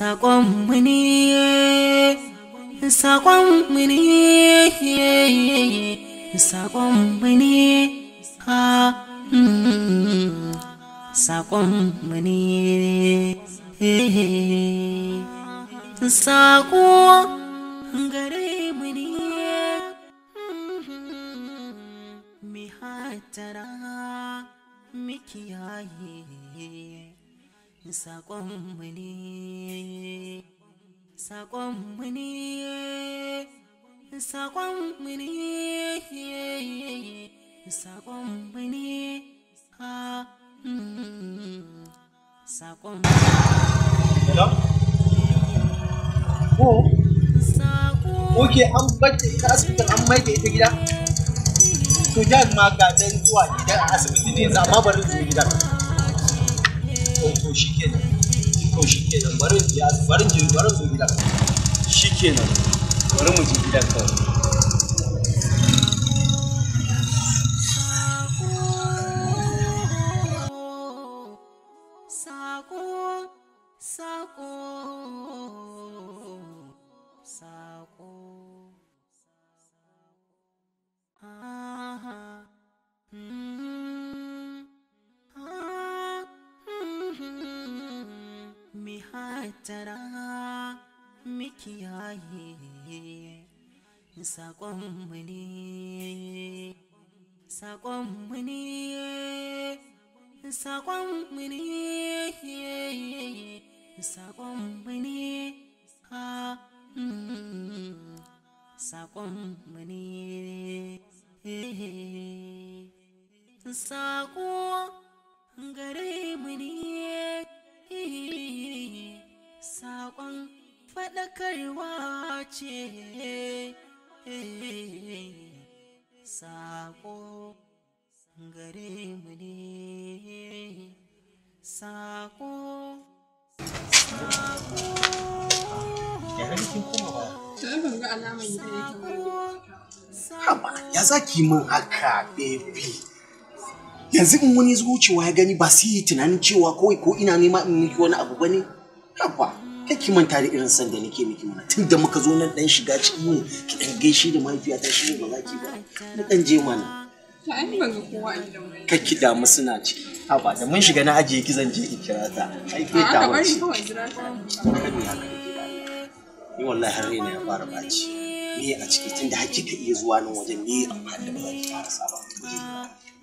Saƙonmu ne, saƙonmu ne, saƙonmu ne, ha, saƙonmu ne, saƙo gare mu ne, mi hatara, mi kiyaye. saƙonmu ne saƙonmu ne saƙonmu ne ne ha hmm. ko oke an bata ita asibitin an maida ita gida to jan ma ga dan zuwa gidan asibiti ne za bari zuwa gidan to shi kenan to shi kenan bari ya bari bari zo gida shi kenan bari mu ji gida kawai Sako, sako. tattara miki yaye saƙonmu ne saƙonmu ne saƙonmu ne saƙonmu ne ha saƙonmu ne saƙo gare mu ne faɗakarwa ce saƙo gare mu ne saƙo Haba, ya zaki ki min haka, baby. Yanzu in wani zuciwa ya gani ba su yi tunanin cewa kawai ko ina nema in miki wani abu ba ne? Haba. da ki manta da irin san da nake miki mana tun da muka zo nan dan shiga cikin mu ki dan gaishe da mahaifiyata shi ne ba za ki ba na dan je mana to ai ban ga kowa a mai ka ki damu suna ciki ha ba da mun shiga na ajiye ki zan je in kira ta ai ke ta wace ka bari jira ta ni wallahi har ne ya fara baci me a ciki tunda da hakika iya zuwa nan wajen me amfani da ba za ki fara saba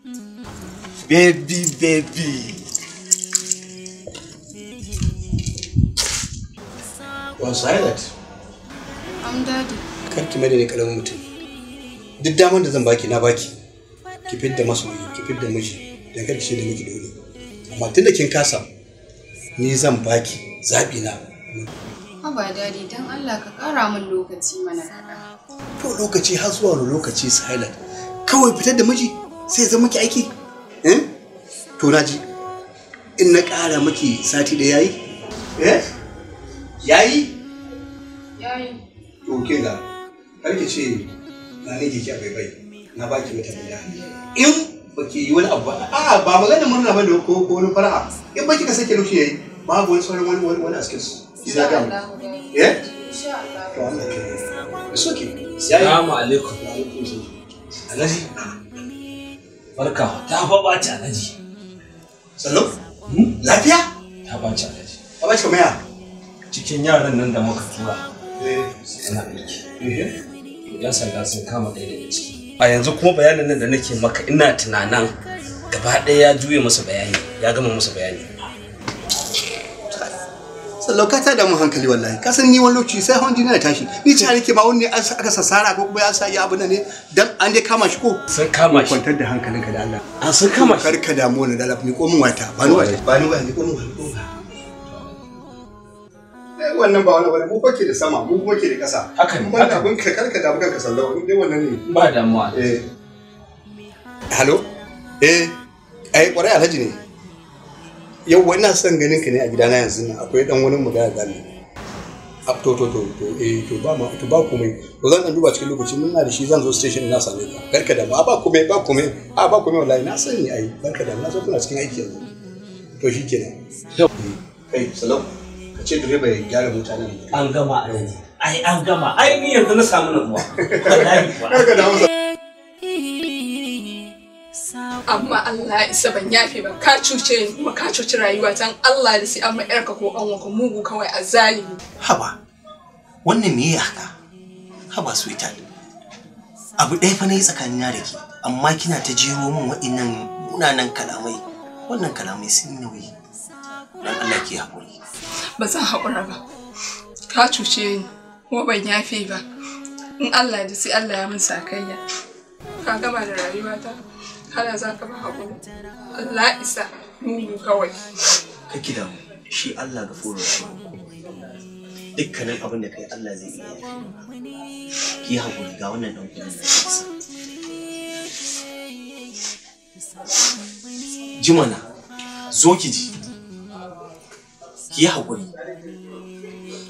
mm. baby baby On silent. I'm daddy. Kar ki mai da ni karamin mutum. Duk daman da zan baki na baki. Ki fidda masoyi, ki fidda miji, dan kar ki ce da miji dole. Amma tunda kin kasa, ni zan baki zabi na. Haba dadi dan Allah ka kara min lokaci mana kaɗan. To lokaci har zuwa lokaci silent. Kawai fitar da miji sai zan ki aiki. Eh? To na ji. in na ƙara maki sati da yayi? Eh? Yayi? to ke da karki ce na nake ki a bai na baki wata bida in baki yi wani abu ba a ba magana murna ba da ko ko wani fara in baki ka sake lokaci yayi babu wani sauran wani wani wani askin su kina ga mu eh to Allah ke so ke assalamu alaikum alaji barka ta fa ba ta alaji sallo hmm? lafiya ta ba ta alaji ba ba baci kamar ya cikin yaran nan da muka tura suna aiki yan sanda sun kama ɗaya daga ciki a yanzu kuma bayanin nan da nake maka ina tunanan gaba ɗaya ya juye masa bayani ya gama masa bayani sallauka ta damu hankali wallahi san ni wani lokaci sai hawan jini na tashi ni ce nake ma wani aka sassara ko kuma ya sa ya abu ne dan an dai kama shi ko sun kama shi kwantar da hankalinka da Allah an sun kama shi karka damu ne da Allah ni ko mun wata ba ni wata ba ni wata ni ko mun wata wannan ba wani bane mu fa ke da sama mu kuma ke da kasa haka ne haka abin ka karka da bukan ka sallawa dai wannan ne ba damuwa eh hello eh ai kwarai alhaji ne yau ina son ganin ka ne a gidana yanzu nan akwai dan wani mu da gani ah, to to to to eh to ba ma to ba komai to zan dan duba cikin lokaci mun na da shi zan zo station ina same ka karka da ba ah, ba komai ba komai a ah, ba komai wallahi na sani ai barka da na so kuna cikin aiki yanzu to shikenan eh. kai salam ka ce direba ya gyara mota nan an gama ai an gama ai ni yanzu na samu na kuwa wallahi da hausa amma Allah isa ban yafe ba ka cuce ni kuma ka cuci rayuwa tan Allah da sai amma yarka ko an wanka mugu kawai a zalimi haba wannan me haka haba sweetheart abu ɗaya fa nayi tsakanina da ke amma kina ta jero min waɗannan munanan kalamai wannan kalamai sun nauyi don Allah ke haƙuri ba zan haƙura ba ka cuce ni kuma ban yafe ba in Allah ji sai Allah ya min sakayya ka gama da rayuwata kana za ka ba haƙuri Allah isa nuni kawai ka gida shi Allah ga fura dukkanin abin da kai Allah zai iya ki haƙuri ga wannan ɗan kudin da Jimana, zo ki ji. ki yi haƙuri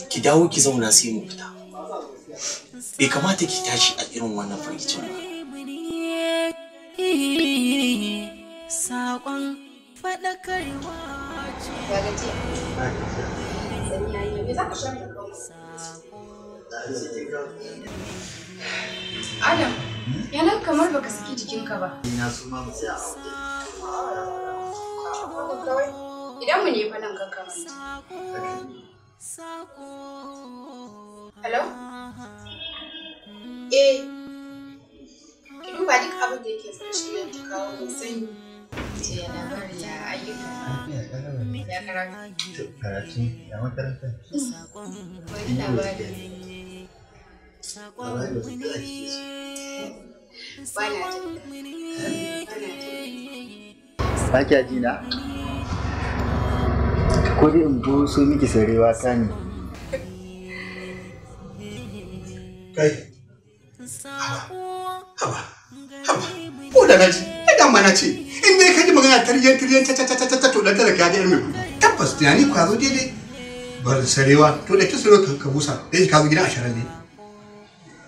ki dawo ki zauna sai mu fita bai kamata ki tashi a irin wannan firgicin ba saƙon faɗakarwa ce Adam, yana kamar baka saki jikinka ba. Ina su ma ba sai a Idan mu ne fa nan kanka Hello? Eh. Ki duba duk abin da yake ki kawo sanyi. Ce yana ayyuka. Ya karatu. Karatu ya makaranta. Wani labari. ko dai in buso miki sarewa ta ne kai haba haba ko da ai dan mana in dai ka ji magana tarjan tarjan ta ta ta ta ta to da talaka ya tabbas daidai sarewa to da ka busa dai ka zo gidan ashirin ne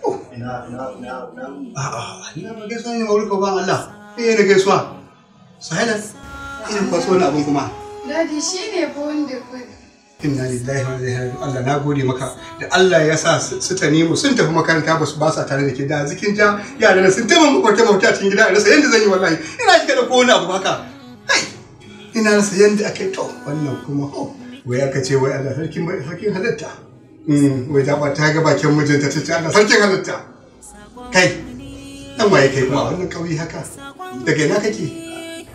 oh. ina ina ina ina ina ina Dadi shi ne bondin Inna lillahi wa ilaihi Allah na gode maka da Allah ya sa su ta nemo sun tafi makaranta ba su ba sa tare da ke da zikin ja yaran sun taimaka makwarta makwarta cikin gida a rasa yadda zan yi wallahi ina shiga da kowane abu haka ai ina rasa yadda akai to wannan kuma ho wai aka ce wai Allah sarkin halitta hmm, wai da ta ga bakin mijinta ta ce Allah sarkin halitta kai dan waye kai kuma wannan kauyi haka daga ina kake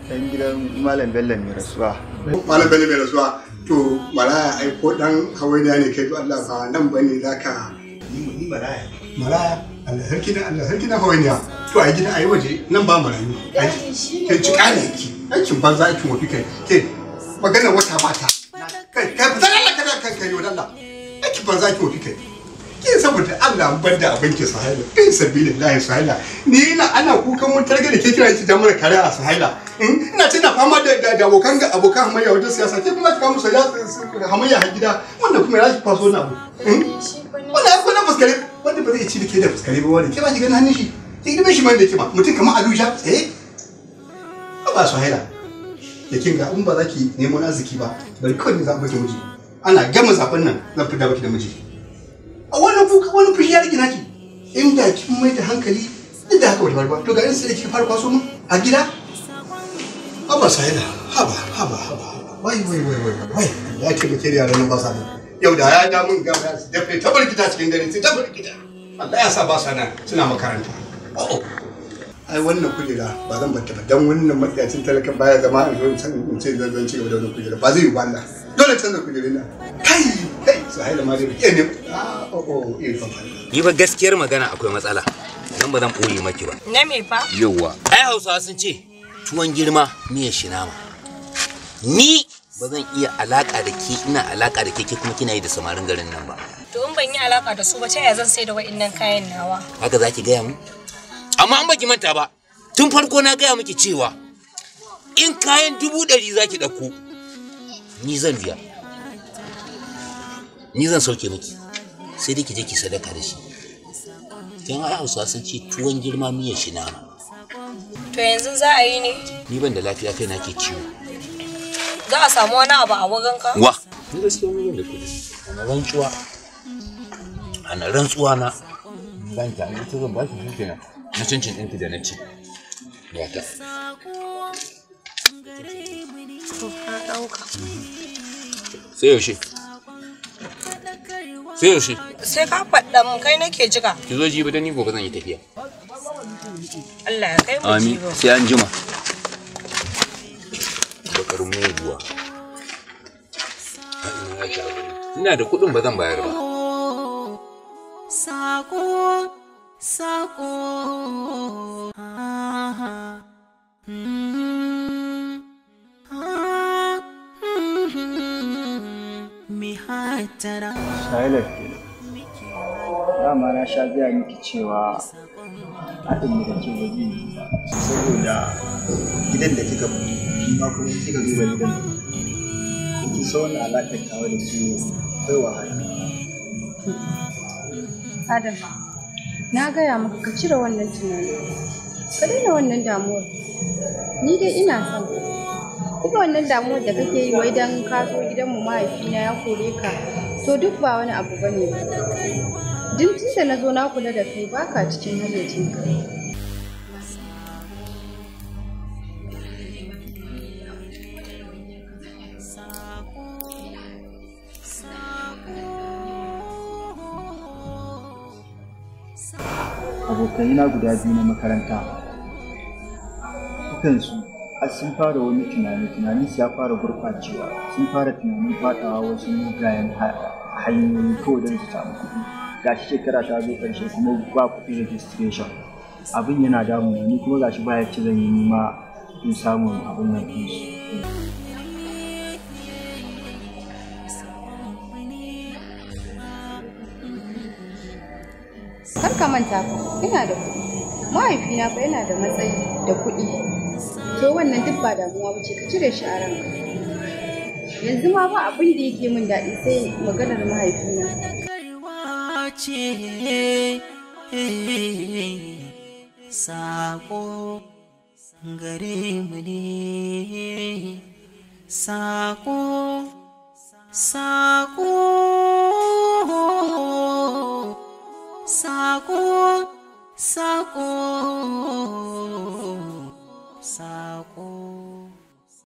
dan gidan malam bello mai rasuwa malam bello mai rasuwa to maraya ai ko dan hawainiya ne kai to allah ba nan bane zaka yi ni maraya maraya allah sarki na allah sarki na hawainiya to a gida ai waje nan ba marayu kai ci kare ki aikin banza aikin wafi kai ke magana wata mata kai kai ba zan allah kada kan kai wa allah aikin banza aikin wafi kai ke saboda Allah an ban da abin ki sahila kai sabilillahi sahila ni ina ana kukan mun targa da ke kira ki da mara kare a sahila Eh, ina ce na fama da abokan abokan hamayya wajen siyasa ke kuma kika musu hamayya a gida wanda kuma ya faso na abu eh, wanda ya kwana fuskare wanda ba zai ci da ke da fuskare ba wani ke ba shi ganin hannun shi ki gibe shi man da kima mutum kamar alusha tsaye eh? ba su haila da ga in ba za ki neman arziki ba bari kawai ne za a baki miji ana gama zaben nan zan fi baki da miji a wannan kuka wani fushi ya rigina ki inda kin mai da hankali duk da haka wata ba to ga irin sai da kika fara kwaso mu a gida haba sa'ida haba haba haba wai wai wai wai wai ya ce kiri yaran ba sa yau da ya ja mun gaba su dafe ta bar gida cikin dare su ta bar gida Allah ya sa ba sa nan suna makaranta oh, oh. ai wannan kujera ba zan bata ba dan wannan matsayacin talaka baya zama in zo in san in ce zan zan ci gaba da wannan kujera ba zai yi ba Allah dole canza kujerin nan kai kai su haila ma zai ne ah, oh oh eh, ni ba gaskiyar magana akwai matsala nan ba zan boye maki ba na me fa yawa ai Hausawa sun ce tuwon girma miyar shinama ni ba zan iya alaka da ke ina alaka da ke ke kuma kina yi da samarin garin nan ba to in ban yi alaka da su ba ta zan sai da wa'annan kayan nawa haka zaki gaya mu amma an baki manta ba tun farko na gaya miki cewa in kayan dubu ɗari zaki ɗauko ni zan biya ni zan sauke miki sai dai ki je ki sadaka da shi don ai hausa sun ce tuwon girma miyar shinama. nama to yanzu za a yi ne ni ban da lafiya kai na ke ciwo za a samu wani abu a wajen ka wa ni da ni ban da kudi ana rantsuwa ana rantsuwa na ban ta ni ta zan ba shi kenan na cincin ɗinki da na ci ya ta sai yaushe sai yaushe sai ka faɗa mun kai nake jika. ki zo jibi da ni gobe zan yi tafiya Allah ya kai mu Amin. Sai an Bakar muguwa. Ina da kuɗin ba zan bayar ba. Sako, sako. Dama na sha miki cewa haɗin da ke waje ne saboda gidan da kika fi kuma kika duba gidan da kin san wannan alaƙar kawo da su kai wahala Adam na gaya maka ka cire wannan tunanin ka daina wannan damuwar ni dai ina son kuma wannan damuwar da kake yi wai dan ka zo gidan mu mahaifina ya kore ka to duk ba wani abu ba ne. Din tunda na zo na kula da kai baka cikin halittin ka. Abokaina guda biyu na makaranta, dukansu a sun fara wani tunani tunanin su ya fara gurɓacewa sun fara tunanin faɗawa wasu mugayen hanyoyi kawai don su samu kuɗi gashi shekara ta zo karshe kuma ba kuɗin registration abin yana damu ni kuma gashi baya ci zan yi nima in samu abin nan ɗin Kar ka manta ku ina da kuɗi mahaifina fa yana da matsayi da kuɗi to wannan duk ba damuwa ba ce ka cire shi a ranka yanzu ma ba abin da yake min daɗi sai maganar mahaifina ce sako gare mu ne sako sako sako sako sako